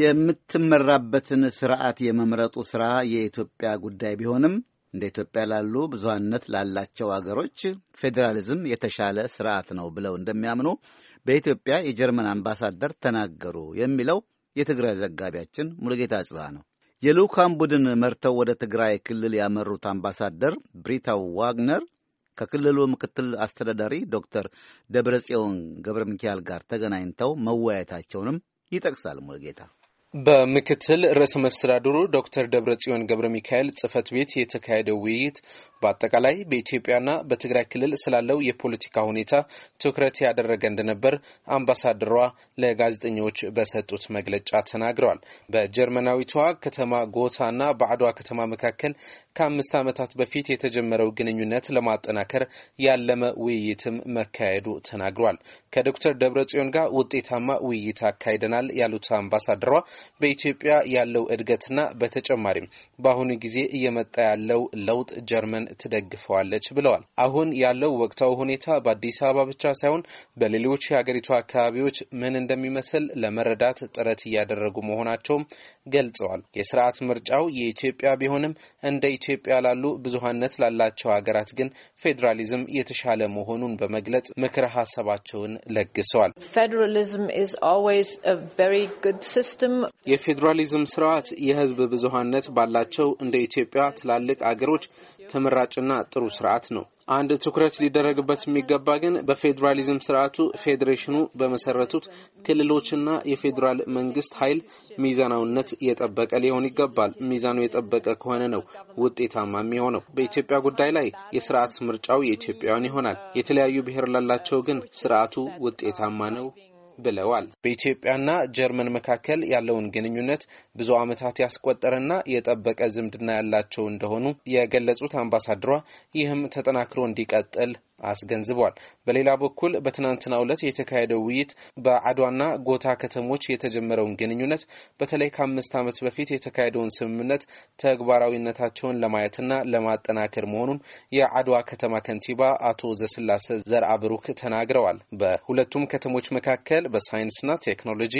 የምትመራበትን ስርዓት የመምረጡ ስራ የኢትዮጵያ ጉዳይ ቢሆንም እንደ ኢትዮጵያ ላሉ ብዙነት ላላቸው አገሮች ፌዴራሊዝም የተሻለ ስርዓት ነው ብለው እንደሚያምኑ በኢትዮጵያ የጀርመን አምባሳደር ተናገሩ የሚለው የትግራይ ዘጋቢያችን ሙሉጌታ ጽባ ነው። የልዑካን ቡድን መርተው ወደ ትግራይ ክልል ያመሩት አምባሳደር ብሪታው ዋግነር ከክልሉ ምክትል አስተዳዳሪ ዶክተር ደብረጽዮን ገብረ ሚካኤል ጋር ተገናኝተው መወያየታቸውንም ይጠቅሳል ሙሉጌታ። በምክትል ርዕሰ መስተዳድሩ ዶክተር ደብረጽዮን ገብረ ሚካኤል ጽህፈት ቤት የተካሄደው ውይይት በአጠቃላይ በኢትዮጵያና በትግራይ ክልል ስላለው የፖለቲካ ሁኔታ ትኩረት ያደረገ እንደነበር አምባሳደሯ ለጋዜጠኞች በሰጡት መግለጫ ተናግረዋል። በጀርመናዊቷ ከተማ ጎታና በአድዋ ከተማ መካከል ከአምስት ዓመታት በፊት የተጀመረው ግንኙነት ለማጠናከር ያለመ ውይይትም መካሄዱ ተናግሯል። ከዶክተር ደብረጽዮን ጋር ውጤታማ ውይይት አካሂደናል ያሉት አምባሳደሯ በኢትዮጵያ ያለው እድገትና በተጨማሪም በአሁኑ ጊዜ እየመጣ ያለው ለውጥ ጀርመን ትደግፈዋለች ብለዋል። አሁን ያለው ወቅታዊ ሁኔታ በአዲስ አበባ ብቻ ሳይሆን በሌሎች የሀገሪቱ አካባቢዎች ምን እንደሚመስል ለመረዳት ጥረት እያደረጉ መሆናቸውም ገልጸዋል። የስርዓት ምርጫው የኢትዮጵያ ቢሆንም እንደ ኢትዮጵያ ላሉ ብዙሀነት ላላቸው ሀገራት ግን ፌዴራሊዝም የተሻለ መሆኑን በመግለጽ ምክረ ሀሳባቸውን ለግሰዋል። ፌዴራሊዝም የፌዴራሊዝም ስርዓት የህዝብ ብዙሀነት ባላቸው እንደ ኢትዮጵያ ትላልቅ አገሮች ተመራጭና ጥሩ ስርዓት ነው። አንድ ትኩረት ሊደረግበት የሚገባ ግን በፌዴራሊዝም ስርዓቱ ፌዴሬሽኑ በመሰረቱት ክልሎችና የፌዴራል መንግስት ኃይል ሚዛናዊነት የጠበቀ ሊሆን ይገባል። ሚዛኑ የጠበቀ ከሆነ ነው ውጤታማ የሚሆነው። በኢትዮጵያ ጉዳይ ላይ የስርዓት ምርጫው የኢትዮጵያውያን ይሆናል። የተለያዩ ብሔር ላላቸው ግን ስርዓቱ ውጤታማ ነው ብለዋል። በኢትዮጵያና ጀርመን መካከል ያለውን ግንኙነት ብዙ ዓመታት ያስቆጠረና የጠበቀ ዝምድና ያላቸው እንደሆኑ የገለጹት አምባሳደሯ ይህም ተጠናክሮ እንዲቀጥል አስገንዝቧል። በሌላ በኩል በትናንትናው ዕለት የተካሄደው ውይይት በአድዋና ጎታ ከተሞች የተጀመረውን ግንኙነት በተለይ ከአምስት ዓመት በፊት የተካሄደውን ስምምነት ተግባራዊነታቸውን ለማየትና ለማጠናከር መሆኑን የአድዋ ከተማ ከንቲባ አቶ ዘስላሴ ዘርአብሩክ ተናግረዋል። በሁለቱም ከተሞች መካከል በሳይንስና ቴክኖሎጂ፣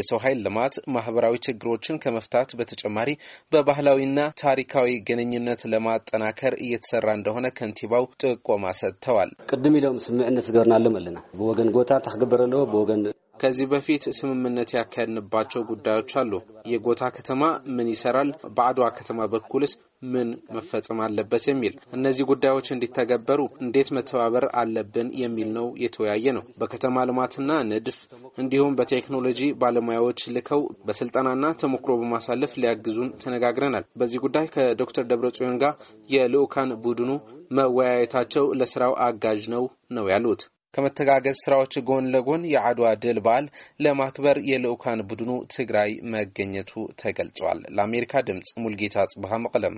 የሰው ኃይል ልማት፣ ማህበራዊ ችግሮችን ከመፍታት በተጨማሪ በባህላዊና ታሪካዊ ግንኙነት ለማጠናከር እየተሰራ እንደሆነ ከንቲባው ጥቆማ ሰጥተዋል። ገልጸዋል። ቅድም ኢሎም ስምዕነት ዝገበርናሎም ኣለና ብወገን ጎታ ተክግበር ኣለዎ ብወገን ከዚህ በፊት ስምምነት ያካሄድንባቸው ጉዳዮች አሉ። የጎታ ከተማ ምን ይሰራል፣ በአድዋ ከተማ በኩልስ ምን መፈጸም አለበት የሚል እነዚህ ጉዳዮች እንዲተገበሩ እንዴት መተባበር አለብን የሚል ነው የተወያየ ነው። በከተማ ልማትና ንድፍ እንዲሁም በቴክኖሎጂ ባለሙያዎች ልከው በስልጠናና ተሞክሮ በማሳለፍ ሊያግዙን ተነጋግረናል። በዚህ ጉዳይ ከዶክተር ደብረጽዮን ጋር የልዑካን ቡድኑ መወያየታቸው ለስራው አጋዥ ነው ነው ያሉት። ከመተጋገዝ ስራዎች ጎን ለጎን የአድዋ ድል በዓል ለማክበር የልዑካን ቡድኑ ትግራይ መገኘቱ ተገልጿል። ለአሜሪካ ድምፅ ሙልጌታ ጽብሃ መቅለም